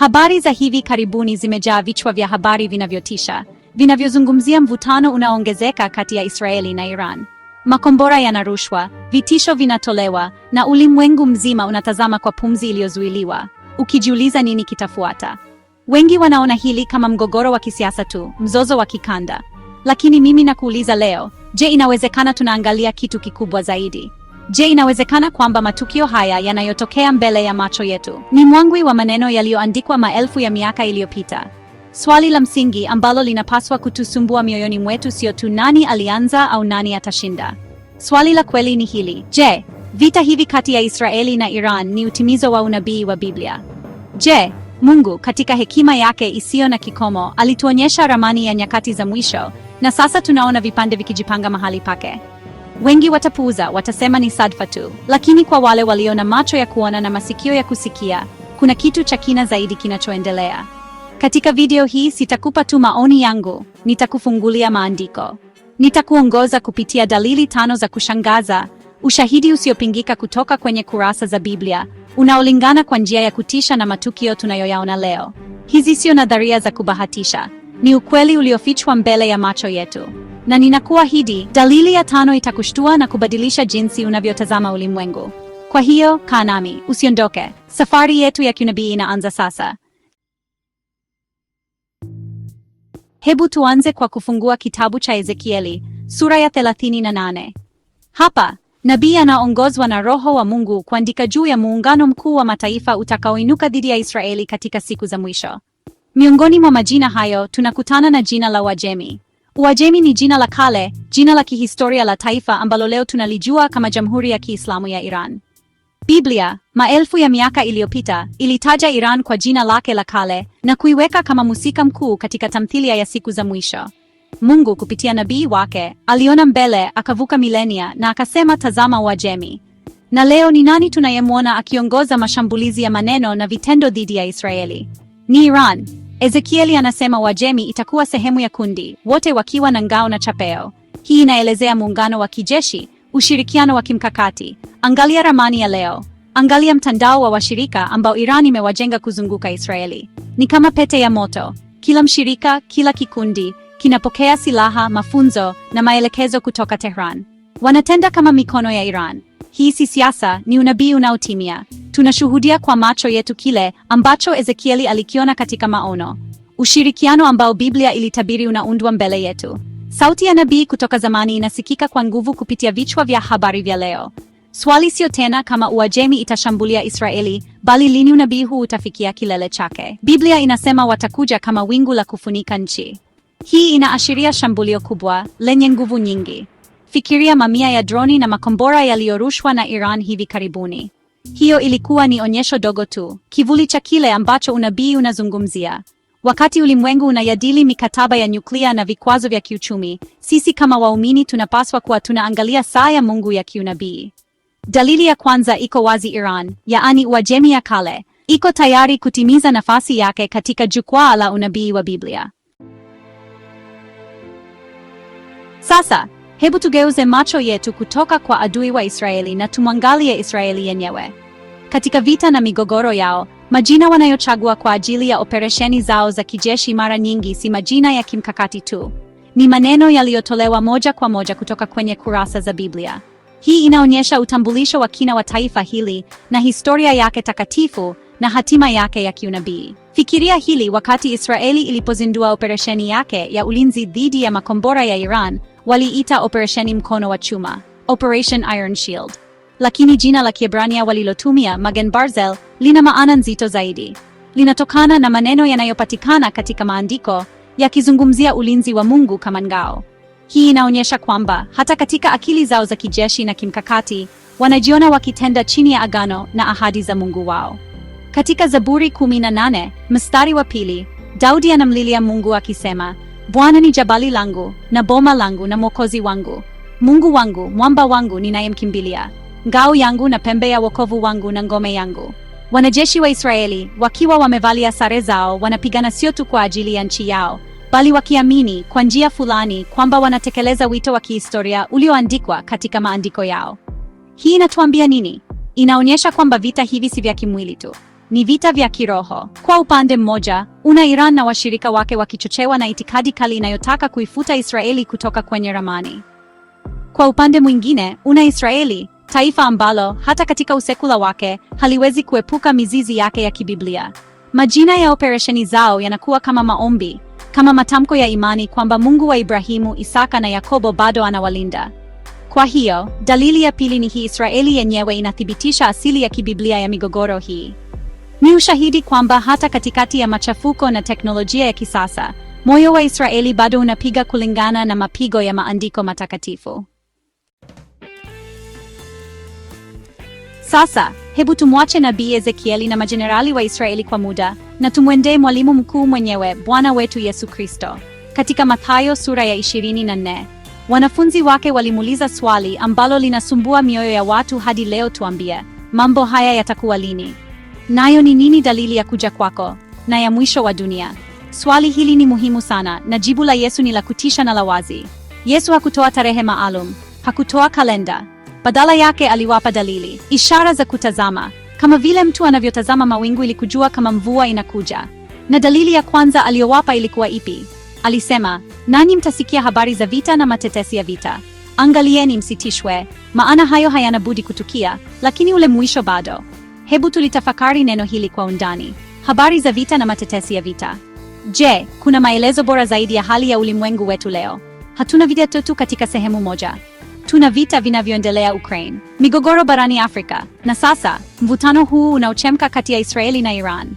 Habari za hivi karibuni zimejaa vichwa vya habari vinavyotisha vinavyozungumzia mvutano unaoongezeka kati ya Israeli na Iran. Makombora yanarushwa, vitisho vinatolewa, na ulimwengu mzima unatazama kwa pumzi iliyozuiliwa, ukijiuliza nini kitafuata. Wengi wanaona hili kama mgogoro wa kisiasa tu, mzozo wa kikanda. Lakini mimi nakuuliza leo, je, inawezekana tunaangalia kitu kikubwa zaidi? Je, inawezekana kwamba matukio haya yanayotokea mbele ya macho yetu ni mwangwi wa maneno yaliyoandikwa maelfu ya miaka iliyopita? Swali la msingi ambalo linapaswa kutusumbua mioyoni mwetu sio tu nani alianza au nani atashinda. Swali la kweli ni hili: je, vita hivi kati ya Israeli na Iran ni utimizo wa unabii wa Biblia? Je, Mungu katika hekima yake isiyo na kikomo alituonyesha ramani ya nyakati za mwisho na sasa tunaona vipande vikijipanga mahali pake? Wengi watapuuza, watasema ni sadfa tu, lakini kwa wale walio na macho ya kuona na masikio ya kusikia, kuna kitu cha kina zaidi kinachoendelea. Katika video hii sitakupa tu maoni yangu, nitakufungulia maandiko. Nitakuongoza kupitia dalili tano za kushangaza, ushahidi usiopingika kutoka kwenye kurasa za Biblia, unaolingana kwa njia ya kutisha na matukio tunayoyaona leo. Hizi sio nadharia za kubahatisha, ni ukweli uliofichwa mbele ya macho yetu na ninakuahidi, dalili ya tano itakushtua na kubadilisha jinsi unavyotazama ulimwengu. Kwa hiyo kaa nami, usiondoke. Safari yetu ya kinabii inaanza sasa. Hebu tuanze kwa kufungua kitabu cha Ezekieli sura ya 38. Hapa nabii anaongozwa na Roho wa Mungu kuandika juu ya muungano mkuu wa mataifa utakaoinuka dhidi ya Israeli katika siku za mwisho. Miongoni mwa majina hayo tunakutana na jina la Wajemi. Uajemi ni jina la kale, jina la kihistoria la taifa ambalo leo tunalijua kama Jamhuri ya Kiislamu ya Iran. Biblia, maelfu ya miaka iliyopita, ilitaja Iran kwa jina lake la kale na kuiweka kama musika mkuu katika tamthilia ya siku za mwisho. Mungu kupitia nabii wake aliona mbele, akavuka milenia na akasema, tazama Uajemi. Na leo ni nani tunayemwona akiongoza mashambulizi ya maneno na vitendo dhidi ya Israeli? Ni Iran. Ezekieli anasema Wajemi itakuwa sehemu ya kundi, wote wakiwa na ngao na chapeo. Hii inaelezea muungano wa kijeshi, ushirikiano wa kimkakati. Angalia ramani ya leo. Angalia mtandao wa washirika ambao Iran imewajenga kuzunguka Israeli. Ni kama pete ya moto. Kila mshirika, kila kikundi kinapokea silaha, mafunzo na maelekezo kutoka Tehran. Wanatenda kama mikono ya Iran. Hii si siasa, ni unabii unaotimia tunashuhudia kwa macho yetu kile ambacho Ezekieli alikiona katika maono, ushirikiano ambao Biblia ilitabiri unaundwa mbele yetu. Sauti ya nabii kutoka zamani inasikika kwa nguvu kupitia vichwa vya habari vya leo. Swali sio tena kama Uajemi itashambulia Israeli, bali lini unabii huu utafikia kilele chake. Biblia inasema watakuja kama wingu la kufunika nchi. Hii inaashiria shambulio kubwa lenye nguvu nyingi. Fikiria mamia ya droni na makombora yaliyorushwa na Iran hivi karibuni. Hiyo ilikuwa ni onyesho dogo tu, kivuli cha kile ambacho unabii unazungumzia. Wakati ulimwengu unayadili mikataba ya nyuklia na vikwazo vya kiuchumi, sisi kama waumini tunapaswa kuwa tunaangalia saa ya Mungu ya kiunabii. Dalili ya kwanza iko wazi: Iran, yaani Uajemi ya kale, iko tayari kutimiza nafasi yake katika jukwaa la unabii wa Biblia. Sasa Hebu tugeuze macho yetu kutoka kwa adui wa Israeli na tumwangalie Israeli yenyewe. Katika vita na migogoro yao, majina wanayochagua kwa ajili ya operesheni zao za kijeshi mara nyingi si majina ya kimkakati tu. Ni maneno yaliyotolewa moja kwa moja kutoka kwenye kurasa za Biblia. Hii inaonyesha utambulisho wa kina wa taifa hili na historia yake takatifu na hatima yake ya kiunabii. Fikiria hili wakati Israeli ilipozindua operesheni yake ya ulinzi dhidi ya makombora ya Iran, waliita operesheni mkono wa chuma, Operation Iron Shield. Lakini jina la Kiebrania walilotumia Magen Barzel lina maana nzito zaidi. Linatokana na maneno yanayopatikana katika maandiko yakizungumzia ulinzi wa Mungu kama ngao. Hii inaonyesha kwamba hata katika akili zao za kijeshi na kimkakati, wanajiona wakitenda chini ya agano na ahadi za Mungu wao. Katika Zaburi 18 mstari wa pili, Daudi anamlilia Mungu akisema, Bwana ni jabali langu na boma langu na mwokozi wangu, Mungu wangu, mwamba wangu ninayemkimbilia, ngao yangu na pembe ya wokovu wangu na ngome yangu. Wanajeshi wa Israeli wakiwa wamevalia sare zao wanapigana sio tu kwa ajili ya nchi yao, bali wakiamini kwa njia fulani kwamba wanatekeleza wito wa kihistoria ulioandikwa katika maandiko yao. Hii inatuambia nini? Inaonyesha kwamba vita hivi si vya kimwili tu ni vita vya kiroho. Kwa upande mmoja, una Iran na washirika wake wakichochewa na itikadi kali inayotaka kuifuta Israeli kutoka kwenye ramani. Kwa upande mwingine, una Israeli, taifa ambalo hata katika usekula wake haliwezi kuepuka mizizi yake ya kibiblia. Majina ya operesheni zao yanakuwa kama maombi, kama matamko ya imani kwamba Mungu wa Ibrahimu, Isaka na Yakobo bado anawalinda. Kwa hiyo, dalili ya pili ni hii: Israeli yenyewe inathibitisha asili ya kibiblia ya migogoro hii. Ni ushahidi kwamba hata katikati ya machafuko na teknolojia ya kisasa, moyo wa Israeli bado unapiga kulingana na mapigo ya maandiko matakatifu. Sasa, hebu tumwache Nabii Ezekieli na majenerali wa Israeli kwa muda na tumwendee mwalimu mkuu mwenyewe, Bwana wetu Yesu Kristo. Katika Mathayo sura ya 24, wanafunzi wake walimuuliza swali ambalo linasumbua mioyo ya watu hadi leo, tuambie, mambo haya yatakuwa lini? nayo ni nini dalili ya kuja kwako na ya mwisho wa dunia? Swali hili ni muhimu sana, na jibu la Yesu ni la kutisha na la wazi. Yesu hakutoa tarehe maalum, hakutoa kalenda. Badala yake aliwapa dalili, ishara za kutazama, kama vile mtu anavyotazama mawingu ili kujua kama mvua inakuja. Na dalili ya kwanza aliyowapa ilikuwa ipi? Alisema, nanyi mtasikia habari za vita na matetesi ya vita. Angalieni msitishwe, maana hayo hayana budi kutukia, lakini ule mwisho bado. Hebu tulitafakari neno hili kwa undani. Habari za vita na matetesi ya vita. Je, kuna maelezo bora zaidi ya hali ya ulimwengu wetu leo? Hatuna vita tu katika sehemu moja. Tuna vita vinavyoendelea Ukraine, migogoro barani Afrika, na sasa mvutano huu unaochemka kati ya Israeli na Iran.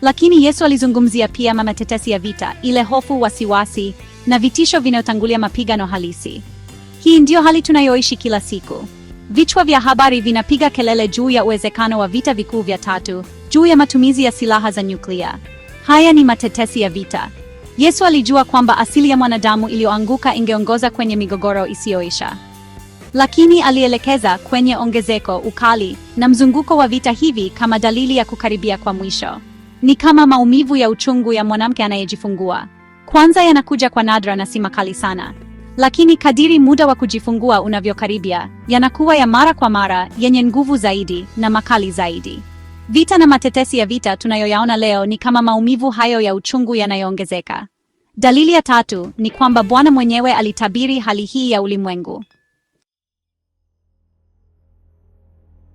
Lakini Yesu alizungumzia pia matetesi ya vita, ile hofu, wasiwasi na vitisho vinayotangulia mapigano halisi. Hii ndiyo hali tunayoishi kila siku. Vichwa vya habari vinapiga kelele juu ya uwezekano wa vita vikuu vya tatu, juu ya matumizi ya silaha za nyuklia. Haya ni matetesi ya vita. Yesu alijua kwamba asili ya mwanadamu iliyoanguka ingeongoza kwenye migogoro isiyoisha, lakini alielekeza kwenye ongezeko, ukali na mzunguko wa vita hivi kama dalili ya kukaribia kwa mwisho. Ni kama maumivu ya uchungu ya mwanamke anayejifungua. Kwanza yanakuja kwa nadra na si makali sana. Lakini kadiri muda wa kujifungua unavyokaribia, yanakuwa ya mara kwa mara, yenye nguvu zaidi na makali zaidi. Vita na matetesi ya vita tunayoyaona leo ni kama maumivu hayo ya uchungu yanayoongezeka. Dalili ya tatu ni kwamba Bwana mwenyewe alitabiri hali hii ya ulimwengu.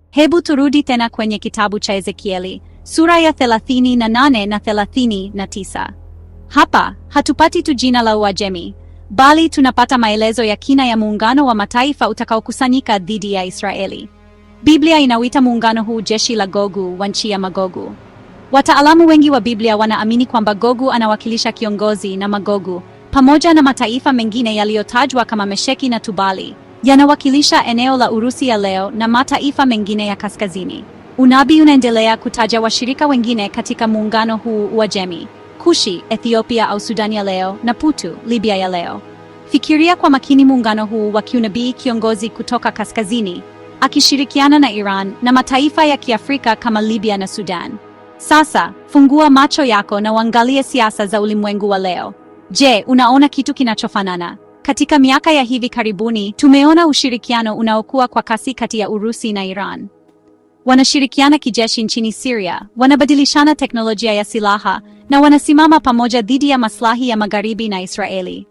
Hebu turudi tena kwenye kitabu cha Ezekieli sura ya 38 na 39. Hapa hatupati tu jina la Uajemi bali tunapata maelezo ya kina ya muungano wa mataifa utakaokusanyika dhidi ya Israeli. Biblia inawita muungano huu jeshi la Gogu wa nchi ya Magogu. Wataalamu wengi wa Biblia wanaamini kwamba Gogu anawakilisha kiongozi na Magogu pamoja na mataifa mengine yaliyotajwa kama Mesheki na Tubali yanawakilisha eneo la Urusi ya leo na mataifa mengine ya kaskazini. Unabii unaendelea kutaja washirika wengine katika muungano huu wa jemi Kushi, Ethiopia au Sudani ya leo na Putu, Libya ya leo. Fikiria kwa makini muungano huu wa kiunabii, kiongozi kutoka kaskazini akishirikiana na Iran na mataifa ya Kiafrika kama Libya na Sudan. Sasa, fungua macho yako na uangalie siasa za ulimwengu wa leo. Je, unaona kitu kinachofanana? Katika miaka ya hivi karibuni, tumeona ushirikiano unaokuwa kwa kasi kati ya Urusi na Iran wanashirikiana kijeshi nchini Syria, wanabadilishana teknolojia ya silaha na wanasimama pamoja dhidi ya maslahi ya Magharibi na Israeli.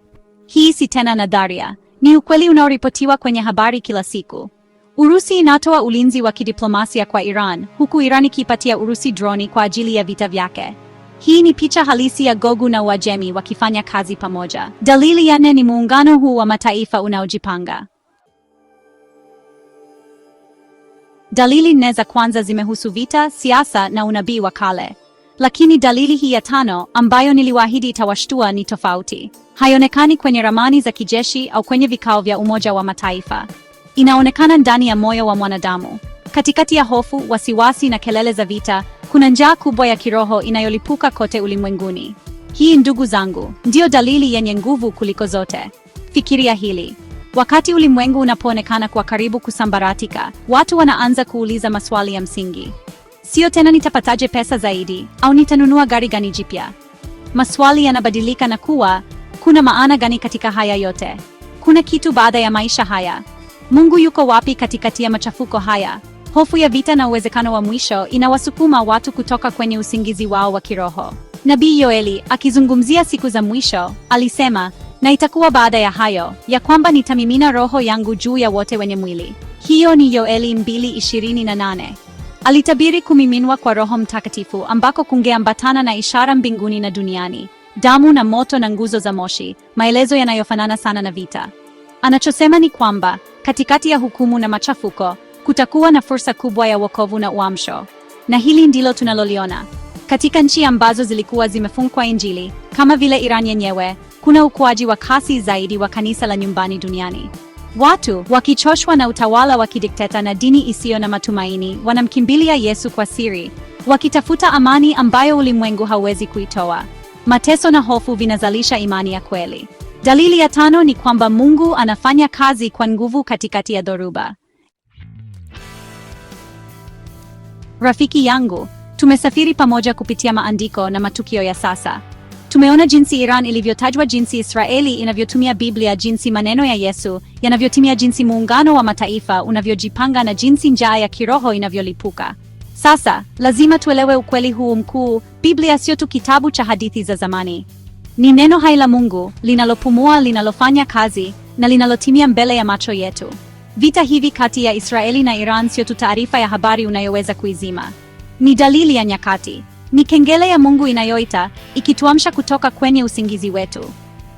Hii si tena nadharia, ni ukweli unaoripotiwa kwenye habari kila siku. Urusi inatoa ulinzi wa kidiplomasia kwa Iran, huku Iran ikiipatia Urusi droni kwa ajili ya vita vyake. Hii ni picha halisi ya Gogu na Uajemi wakifanya kazi pamoja. Dalili ya nne ni muungano huu wa mataifa unaojipanga. Dalili nne za kwanza zimehusu vita, siasa na unabii wa kale. Lakini dalili hii ya tano ambayo niliwaahidi itawashtua ni tofauti. Haionekani kwenye ramani za kijeshi au kwenye vikao vya Umoja wa Mataifa. Inaonekana ndani ya moyo wa mwanadamu. Katikati ya hofu, wasiwasi na kelele za vita, kuna njaa kubwa ya kiroho inayolipuka kote ulimwenguni. Hii, ndugu zangu, ndiyo dalili yenye nguvu kuliko zote. Fikiria hili. Wakati ulimwengu unapoonekana kwa karibu kusambaratika, watu wanaanza kuuliza maswali ya msingi. Sio tena nitapataje pesa zaidi au nitanunua gari gani jipya? Maswali yanabadilika na kuwa, kuna maana gani katika haya yote? Kuna kitu baada ya maisha haya? Mungu yuko wapi katikati ya machafuko haya? Hofu ya vita na uwezekano wa mwisho inawasukuma watu kutoka kwenye usingizi wao wa kiroho. Nabii Yoeli akizungumzia siku za mwisho alisema na itakuwa baada ya hayo ya kwamba nitamimina roho yangu juu ya wote wenye mwili. Hiyo ni Yoeli 2:28. Alitabiri kumiminwa kwa Roho Mtakatifu ambako kungeambatana na ishara mbinguni na duniani, damu na moto na nguzo za moshi, maelezo yanayofanana sana na vita. Anachosema ni kwamba katikati ya hukumu na machafuko kutakuwa na fursa kubwa ya wokovu na uamsho, na hili ndilo tunaloliona katika nchi ambazo zilikuwa zimefungwa Injili kama vile Iran yenyewe kuna ukuaji wa kasi zaidi wa kanisa la nyumbani duniani. Watu wakichoshwa na utawala wa kidikteta na dini isiyo na matumaini, wanamkimbilia Yesu kwa siri, wakitafuta amani ambayo ulimwengu hauwezi kuitoa. Mateso na hofu vinazalisha imani ya kweli. Dalili ya tano ni kwamba Mungu anafanya kazi kwa nguvu katikati ya dhoruba. Rafiki yangu, tumesafiri pamoja kupitia maandiko na matukio ya sasa. Tumeona jinsi Iran ilivyotajwa, jinsi Israeli inavyotumia Biblia, jinsi maneno ya Yesu yanavyotimia, jinsi muungano wa mataifa unavyojipanga na jinsi njaa ya kiroho inavyolipuka. Sasa lazima tuelewe ukweli huu mkuu: Biblia sio tu kitabu cha hadithi za zamani, ni neno hai la Mungu linalopumua, linalofanya kazi na linalotimia mbele ya macho yetu. Vita hivi kati ya Israeli na Iran sio tu taarifa ya habari unayoweza kuizima, ni dalili ya nyakati. Ni kengele ya Mungu inayoita, ikituamsha kutoka kwenye usingizi wetu.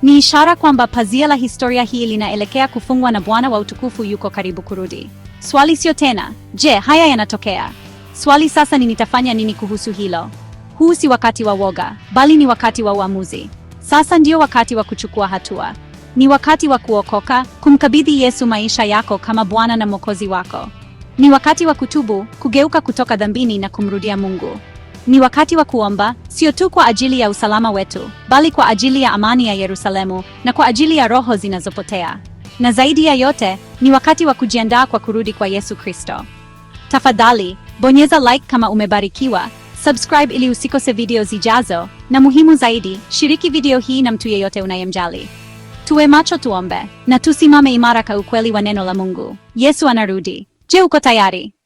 Ni ishara kwamba pazia la historia hii linaelekea kufungwa na Bwana wa utukufu yuko karibu kurudi. Swali sio tena, je, haya yanatokea? Swali sasa ni nitafanya nini kuhusu hilo? Huu si wakati wa woga, bali ni wakati wa uamuzi. Sasa ndio wakati wa kuchukua hatua. Ni wakati wa kuokoka, kumkabidhi Yesu maisha yako kama Bwana na Mwokozi wako. Ni wakati wa kutubu, kugeuka kutoka dhambini na kumrudia Mungu. Ni wakati wa kuomba, sio tu kwa ajili ya usalama wetu, bali kwa ajili ya amani ya Yerusalemu na kwa ajili ya roho zinazopotea. Na zaidi ya yote, ni wakati wa kujiandaa kwa kurudi kwa Yesu Kristo. Tafadhali, bonyeza like kama umebarikiwa, subscribe ili usikose video zijazo, na muhimu zaidi, shiriki video hii na mtu yeyote unayemjali. Tuwe macho, tuombe na tusimame imara kwa ukweli wa neno la Mungu. Yesu anarudi. Je, uko tayari?